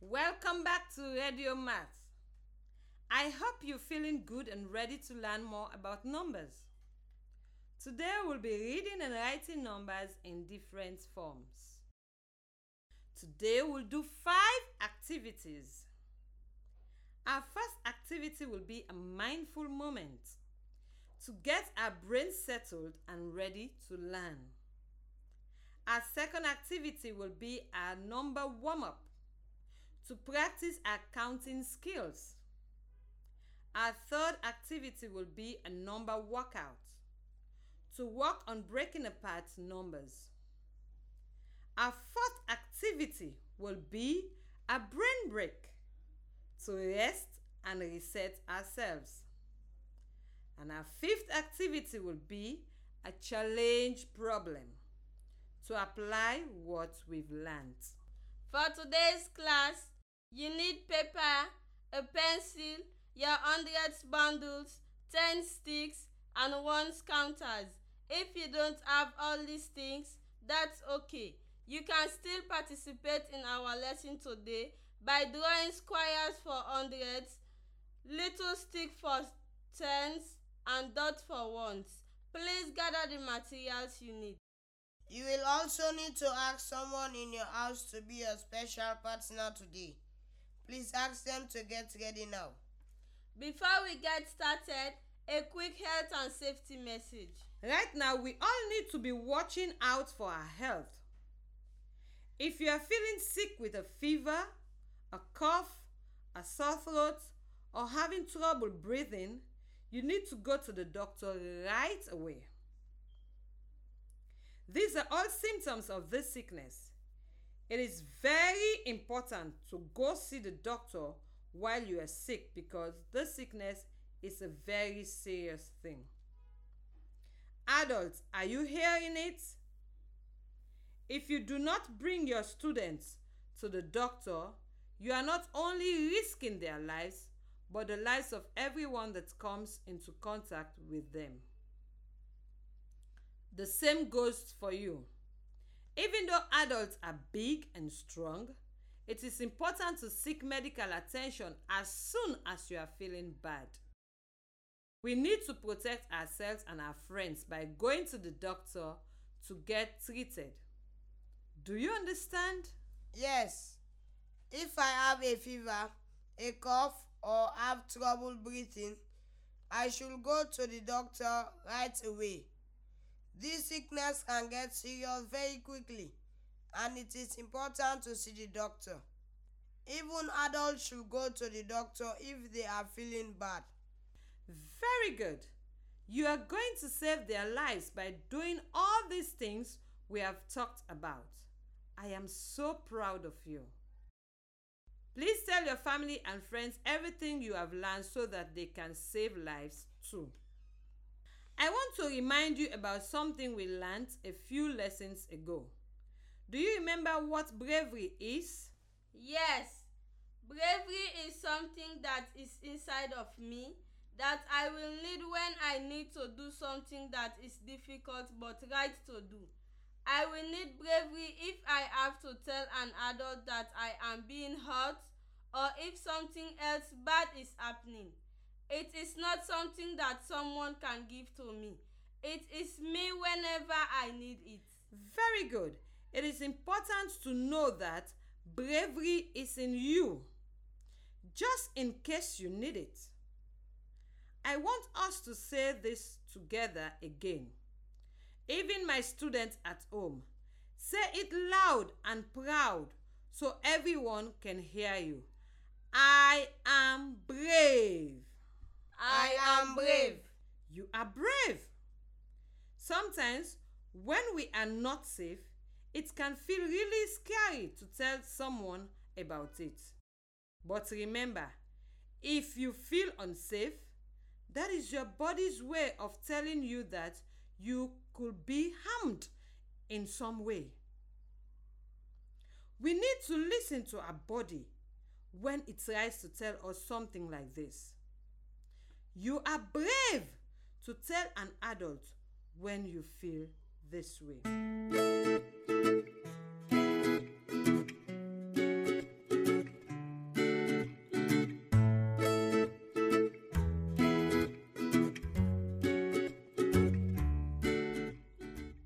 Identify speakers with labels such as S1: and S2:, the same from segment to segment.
S1: Welcome back to Radio Math. I hope you're feeling good and ready to learn more about numbers. Today we'll be reading and writing numbers in different forms. Today we'll do five activities. Our first activity will be a mindful moment to get our brain settled and ready to learn. Our second activity will be our number warm up to practice accounting skills. Our third activity will be a number workout to work on breaking apart numbers. Our fourth activity will be a brain break to rest and reset ourselves. And our fifth activity will be a challenge problem to apply what we've learned.
S2: For today's class, You need paper, a pencil, your hundreds bundles, ten sticks, and one's counters. If you don't have all these things, that's okay. You can still participate in our lesson today by drawing squares for hundreds, little stick for tens, and dot for ones. Please gather the materials you need.
S3: You will also need to ask someone in your house to be your special partner today please ask them to get ready now. Before we get
S2: started, a quick health and safety message. Right now, we all need to be
S1: watching out for our health. If you are feeling sick with a fever, a cough, a sore throat, or having trouble breathing, you need to go to the doctor right away. These are all symptoms of this sickness. It is very important to go see the doctor while you are sick because this sickness is a very serious thing. Adults, are you hearing it? If you do not bring your students to the doctor, you are not only risking their lives, but the lives of everyone that comes into contact with them. The same goes for you. Even though adults are big and strong, it is important to seek medical attention as soon as you are feeling bad. We need to protect ourselves and our friends by going to the doctor
S3: to get treated. Do you understand? Yes. If I have a fever, a cough, or have trouble breathing, I should go to the doctor right away. This sickness can get serious very quickly, and it is important to see the doctor. Even adults should go to the doctor if they are feeling bad. Very good. You are going to save their lives by doing all these
S1: things we have talked about. I am so proud of you. Please tell your family and friends everything you have learned so that they can save lives too. I want to remind you about something we learned a few lessons ago. Do you remember what bravery is?
S2: Yes. Bravery is something that is inside of me that I will need when I need to do something that is difficult but right to do. I will need bravery if I have to tell an adult that I am being hurt or if something else bad is happening. It is not something that someone can give to me. It is me whenever I need it.
S1: Very good. It is important to know that bravery is in you, just in case you need it. I want us to say this together again. Even my students at home, say it loud and proud so everyone can hear you. I am brave. I am brave. You are brave. Sometimes, when we are not safe, it can feel really scary to tell someone about it. But remember, if you feel unsafe, that is your body's way of telling you that you could be harmed in some way. We need to listen to our body when it tries to tell us something like this. You are brave to tell an adult when you feel this way.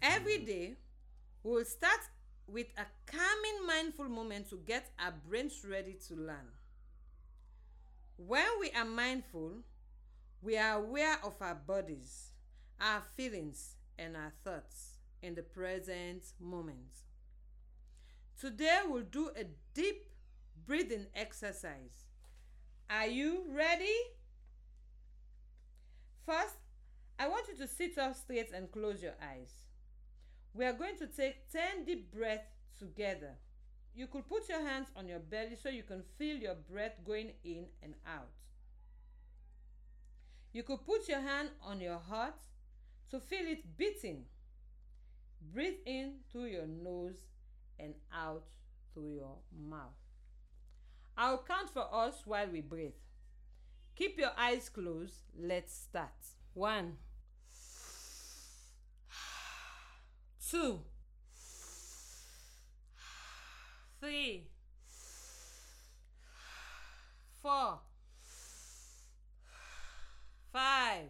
S1: Every day, we'll start with a calming, mindful moment to get our brains ready to learn. When we are mindful, we are aware of our bodies, our feelings, and our thoughts in the present moment. Today, we'll do a deep breathing exercise. Are you ready? First, I want you to sit up straight and close your eyes. We are going to take 10 deep breaths together. You could put your hands on your belly so you can feel your breath going in and out. You could put your hand on your heart to feel it beating. Breathe in through your nose and out through your mouth. I'll count for us while we breathe. Keep your eyes closed. Let's start. One, two, three, four five,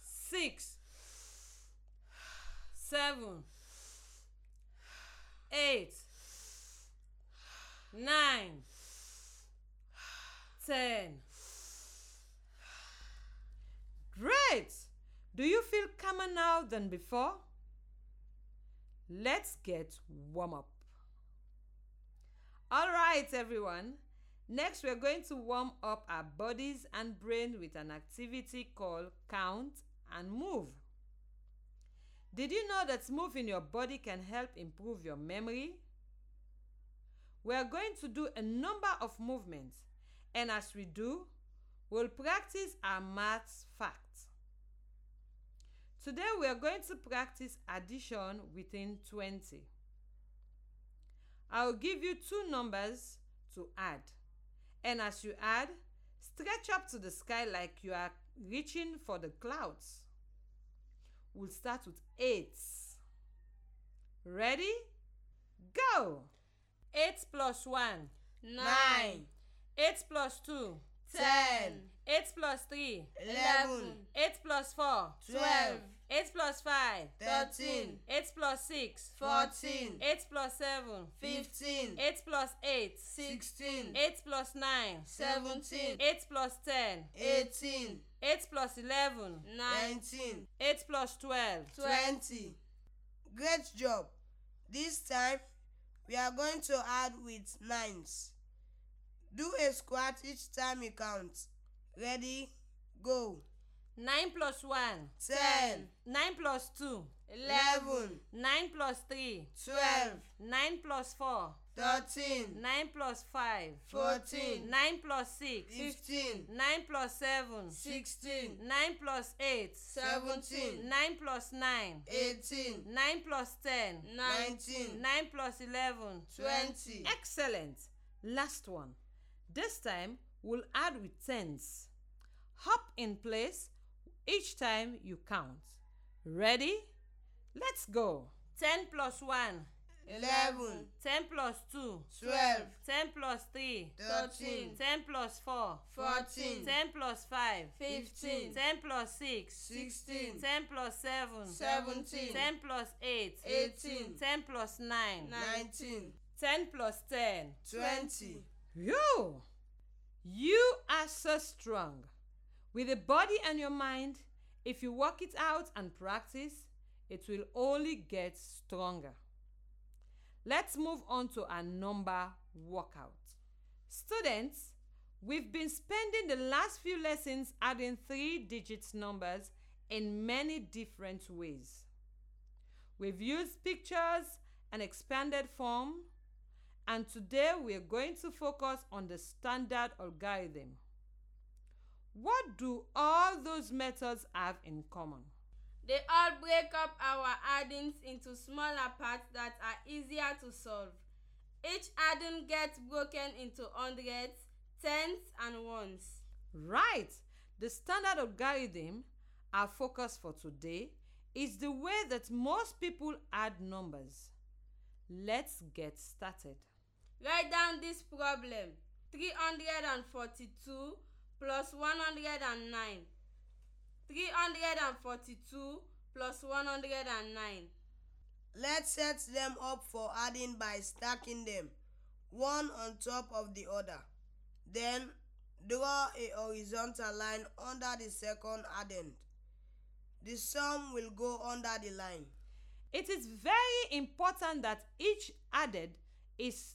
S1: six, seven, eight, nine, ten. Great! Do you feel calmer now than before? Let's get warm up. All right, everyone. Next, we're going to warm up our bodies and brain with an activity called count and move. Did you know that moving your body can help improve your memory? We are going to do a number of movements, and as we do, we'll practice our maths facts. Today, we are going to practice addition within 20. I'll give you two numbers to add. And as you add, stretch up to the sky like you are reaching for the clouds. We'll start with eight. Ready? Go! 8 plus 1 Nine. 8 plus 2 Ten eight plus three. eleven eight plus four. twelve eight plus five. thirteen eight plus six. fourteen eight plus seven. fifteen eight plus eight. sixteen eight plus nine. seventeen eight plus ten.
S3: eighteen eight plus eleven. nineteen eight plus twelve. twenty. great job this time we are going to add with nines do a squat each time you count ready go. nine plus one. ten. nine plus two. eleven.
S1: nine plus three. twelve. nine plus four. thirteen. nine plus five. fourteen. nine plus six. fifteen. nine plus seven. sixteen. nine plus eight. seventeen. nine plus nine. eighteen. nine plus ten. nineteen. nine plus eleven. twenty. excellent. last one. this time will add with tens. Hop in place each time you count. Ready? Let's go. 10 plus 1. 11 10 plus 2 12 10 plus 3 13 10 plus 4 14 10 plus 5 15 10 plus 6 16 10 plus 7 17 10 plus 8 18 10 plus 9 19 10 plus 10 20 You! You are so strong. With the body and your mind, if you work it out and practice, it will only get stronger. Let's move on to our number workout. Students, we've been spending the last few lessons adding three digit numbers in many different ways. We've used pictures, an expanded form, and today we are going to focus on the standard algorithm. What do all those methods have in common?
S2: They all break up our addings into smaller parts that are easier to solve. Each adding gets broken into hundreds, tens, and ones. Right! The standard algorithm, our focus for today, is the way that
S1: most people add numbers. Let's get started.
S2: Write down this problem. three hundred and forty-two plus one hundred hundred and and nine. Three forty-two plus one hundred and nine.
S3: Let's set them up for adding by stacking them, one on top of the other. Then draw a horizontal line under the second addend. The sum will go under the line. It is very important that each added is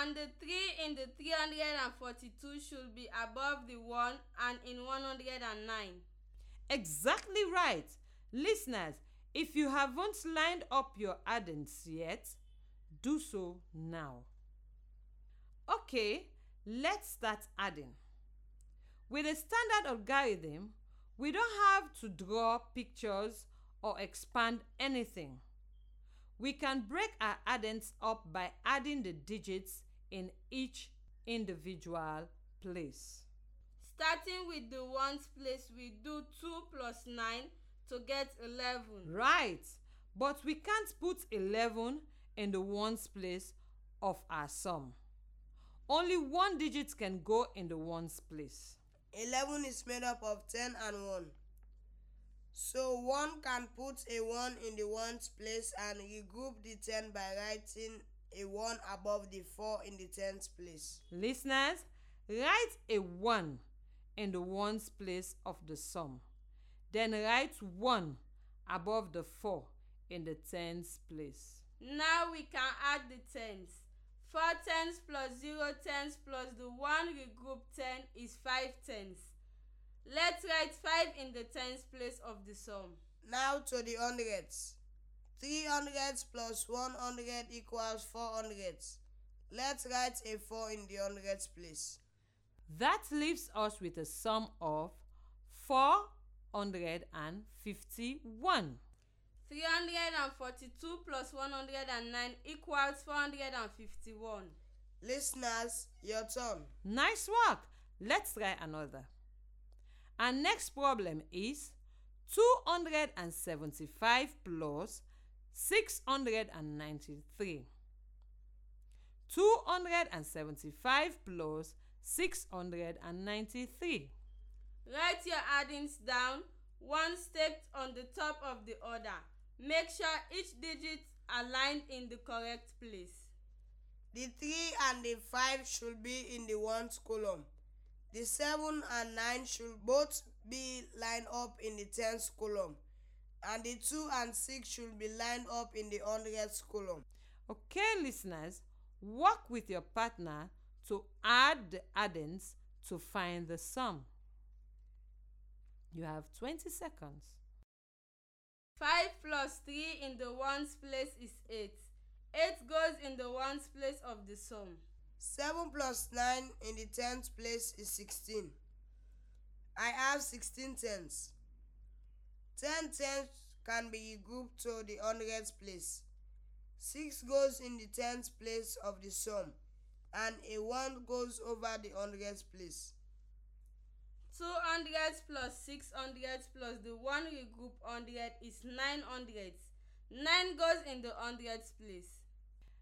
S2: and the three in the three hundred and forty-two should be above the one and in one hundred and nine. Exactly right.
S1: Listeners, if you haven't lined up your addends yet, do so now. Okay, let's start adding. With a standard algorithm, we don't have to draw pictures or expand anything. We can break our addends up by adding the digits in each individual place.
S2: Starting with the ones place, we do 2 plus 9 to get 11. Right, but we can't put 11 in the ones
S1: place of our sum. Only one digit can go in the ones
S3: place. 11 is made up of 10 and 1. So one can put a 1 in the ones place and regroup the 10 by writing a 1 above the 4 in the tens place.
S1: Listeners, write a 1 in the ones place of the sum. Then write 1 above the 4 in the tens place.
S2: Now we can add the tens. 4 tens plus 0 tens plus the 1 regrouped 10 is 5 tens. Let's write five in the tens place of the sum.
S3: Now to the hundreds. Three hundreds plus one hundred equals four hundreds. Let's write a four in the hundreds place. That
S1: leaves us with a sum of four hundred hundred and and
S3: fifty-one.
S2: Three forty-two plus one hundred and nine equals four hundred and fifty-one.
S3: Listeners, your turn. Nice work.
S1: Let's try another. Our next problem is 275 plus 693. 275 plus 693.
S2: Write your addings down one stacked on the top of the other. Make sure each digit aligned in the correct place.
S3: The 3 and the 5 should be in the ones column. The 7 and 9 should both be lined up in the tens column, and the 2 and 6 should be lined up in the ones column. Okay,
S1: listeners, work with your partner to add the addends to find the sum. You have 20 seconds.
S2: 5 plus 3 in the ones place is 8. 8 goes
S3: in the ones place of the sum. 7 plus 9 in the tenth place is 16. I have 16 tenths. 10 tenths can be grouped to the hundredth place. 6 goes in the tenth place of the sum, and a 1 goes over the hundredth place.
S2: 200 plus 600 plus the 1 regroup group 100 is 900. 9 goes in the hundredth place.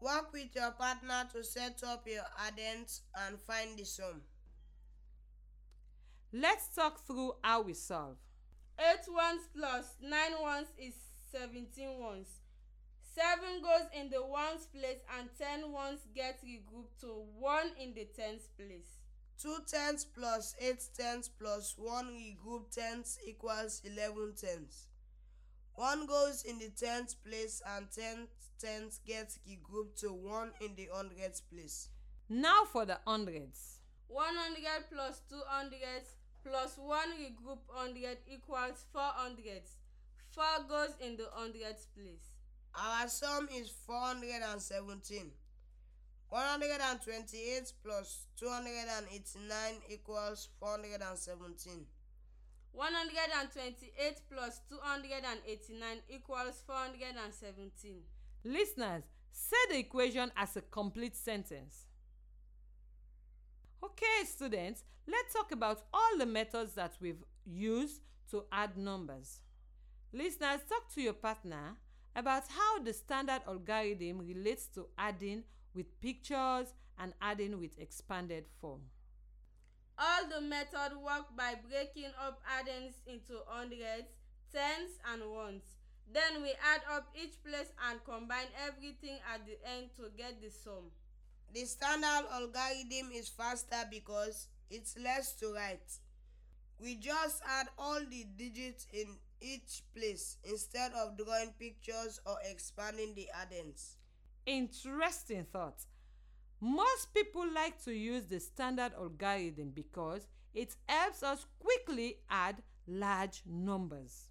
S2: Work with
S3: your partner to set up your addends and find the sum.
S1: Let's talk through how we solve.
S3: 8 ones plus 9
S2: ones is 17 ones. 7 goes in the ones place and 10 ones get regrouped to 1 in the tens place.
S3: 2 tens plus 8 tens plus 1 regrouped tens equals 11 tens. 1 goes in the tens place and 10 tenth gets the to one in the hundredth place. Now for the hundreds.
S2: hundred plus two hundred plus one regroup hundred equals four hundred. Four goes in the hundredth place.
S3: Our sum is four hundred hundred and and seventeen. One twenty-eight plus two hundred and eighty-nine equals four hundred hundred and and seventeen.
S2: One twenty-eight plus two hundred and eighty-nine equals four hundred and seventeen.
S1: Listeners, say the equation as a complete sentence. Okay, students, let's talk about all the methods that we've used to add numbers. Listeners, talk to your partner about how the standard algorithm relates to adding with pictures and adding with expanded form.
S2: All the method work by breaking up addends into hundreds, tens, and ones. Then we add up each place and combine everything at the end to get the
S3: sum. The standard algorithm is faster because it's less to write. We just add all the digits in each place instead of drawing pictures or expanding the addends. Interesting
S1: thought. Most people like to use the standard algorithm because it helps us quickly add large numbers.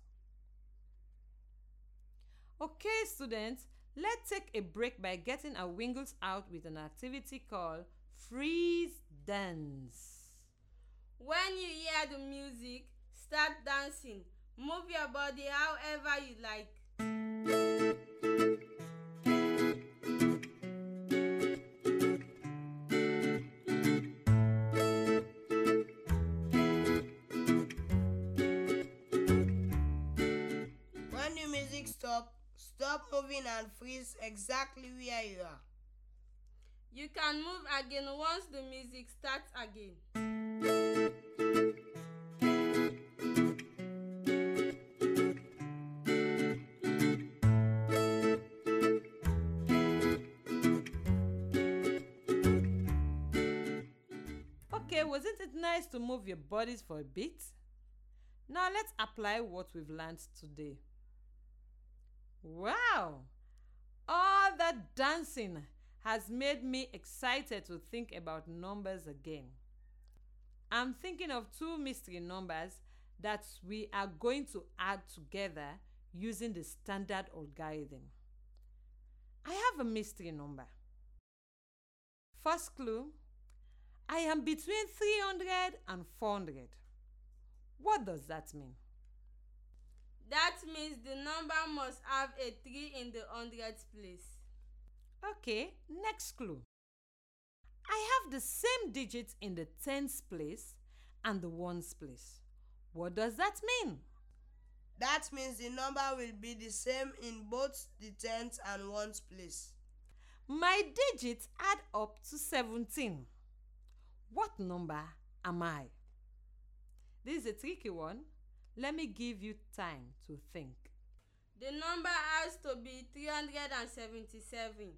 S1: Okay, students, let's take a break by getting our wiggles out with an activity called freeze dance.
S2: When you hear the music, start dancing. Move your body however you like.
S3: When the music stops, Stop moving and freeze exactly where you are. You can
S2: move again once the music starts again.
S1: Okay, wasn't it nice to move your bodies for a bit? Now let's apply what we've learned today. Wow! All that dancing has made me excited to think about numbers again. I'm thinking of two mystery numbers that we are going to add together using the standard algorithm. I have a mystery number. First clue I am between 300 and 400. What does that mean?
S2: That means the number must have a 3 in the hundredth place. Okay, next
S1: clue. I have the same digits in the tens place and the ones place. What does that mean?
S3: That means the number will be the same in both the tens and ones place. My
S1: digits add up to 17. What number am I? This is a tricky one. Let me give you time to think.
S2: The number has to be three hundred and seventy-seven.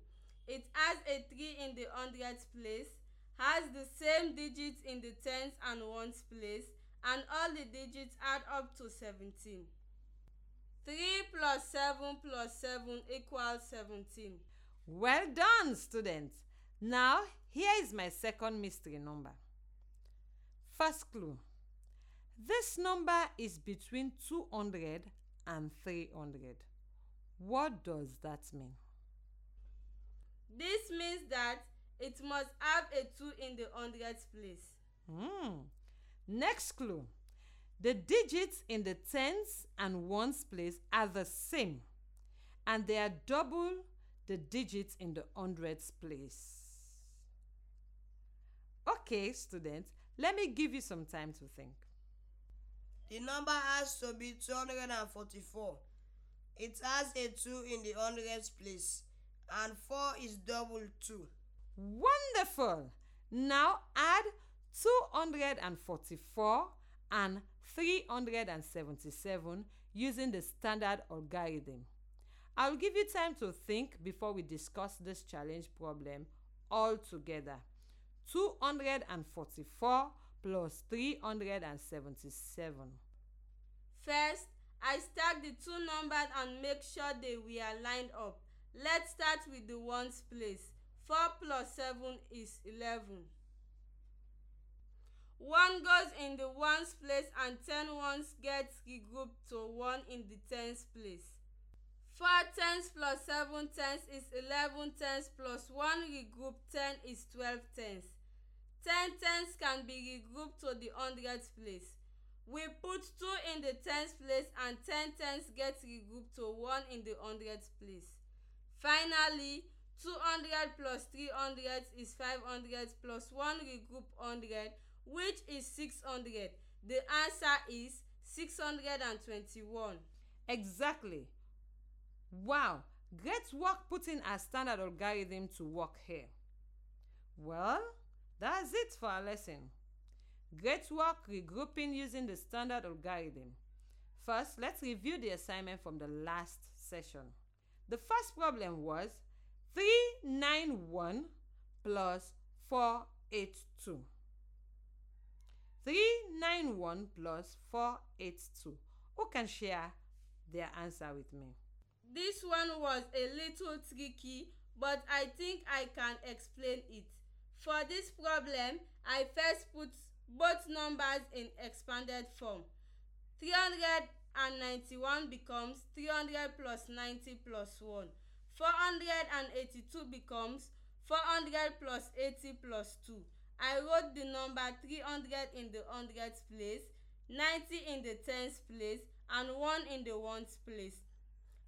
S2: It has a three in the hundredth place, has the same digits in the tens and ones place, and all the digits add up to seventeen. Three plus seven plus seven equals seventeen. Well done, students!
S1: Now, here is my second mystery number. First clue This number is between 200 and 300. What does that mean?
S2: This means that it must have a 2 in the hundredth place.
S1: Hmm. Next clue. The digits in the tens and ones place are the same and they are double the digits in the hundredths place. Okay, students, let me give you some time to think.
S3: The number has to be 244. It has a 2 in the hundreds place, and 4 is double 2. Wonderful!
S1: Now add 244 and 377 using the standard algorithm. I'll give you time to think before we discuss this challenge problem all together. 244 plus 377.
S2: First, I stack the two numbers and make sure they were lined up. Let's start with the ones place. 4 plus 7 is 11. 1 goes in the ones place and 10 ones gets regrouped to 1 in the tens place. 4 tens plus 7 tens is 11 tens plus 1 regrouped 10 is 12 tens ten tens can be regrouped to the hundredth place. We put two in the tens place and ten tens get regrouped to one in the hundredth place. Finally, 200 plus 300 is 500 plus 1 regroup 100 which is 600. The answer is 621. Exactly.
S1: Wow, great work putting a standard algorithm to work here. Well, That's it for our lesson. Great work regrouping using the standard algorithm. First, let's review the assignment from the last session. The first problem was 391 plus 482. 391 plus 482. Who can share their answer with me?
S2: This one was a little tricky, but I think I can explain it. For this problem, I first put both numbers in expanded form. 391 becomes 300 plus 90 plus 1. 482 becomes 400 plus 80 plus 2. I wrote the number 300 in the hundreds place, 90 in the tens place, and 1 in the ones place.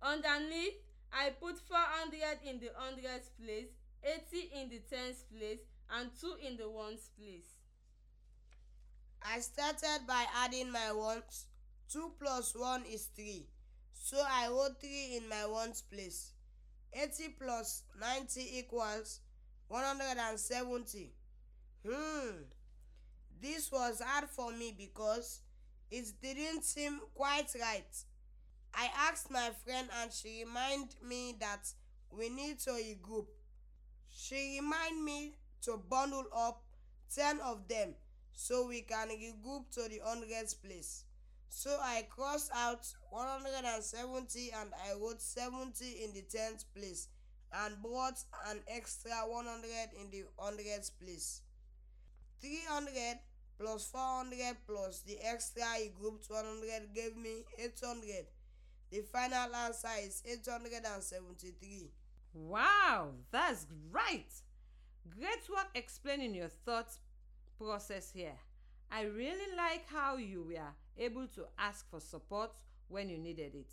S2: Underneath, I put 400 in the hundreds place, 80 in the tens place, and two in the ones place.
S3: I started by adding my ones. Two plus one is three, So I wrote three in my ones place. 80 plus 90 equals 170. Hmm. This was hard for me because it didn't seem quite right. I asked my friend and she reminded me that we need to regroup. She reminded me to bundle up 10 of them so we can regroup to the 100th place. So I crossed out 170 and I wrote 70 in the 10th place and brought an extra 100 in the 100th place. 300 plus 400 plus the extra I grouped 100 gave me 800. The final answer is 873. Wow, that's right!
S1: Great work explaining your thoughts process here. I really like how you were able to ask for support when you needed it.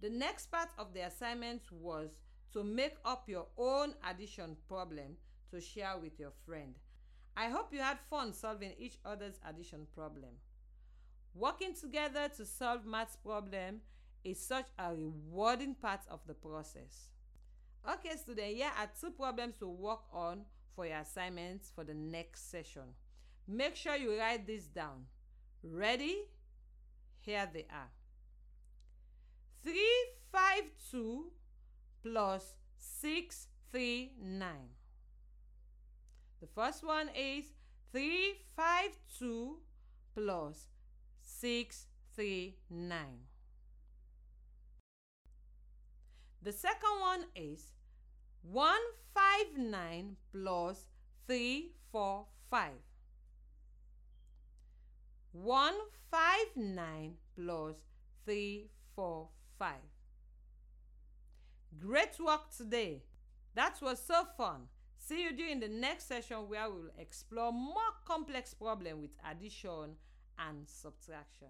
S1: The next part of the assignment was to make up your own addition problem to share with your friend. I hope you had fun solving each other's addition problem. Working together to solve maths problem is such a rewarding part of the process. Okay, student. here are two problems to work on for your assignments for the next session. Make sure you write this down. Ready? Here they are. 352 plus 639. The first one is 352 plus 639. The second one is One five nine plus three four five. One five nine plus three four five. Great work today. That was so fun. See you during the next session where we will explore more complex problems with addition and subtraction.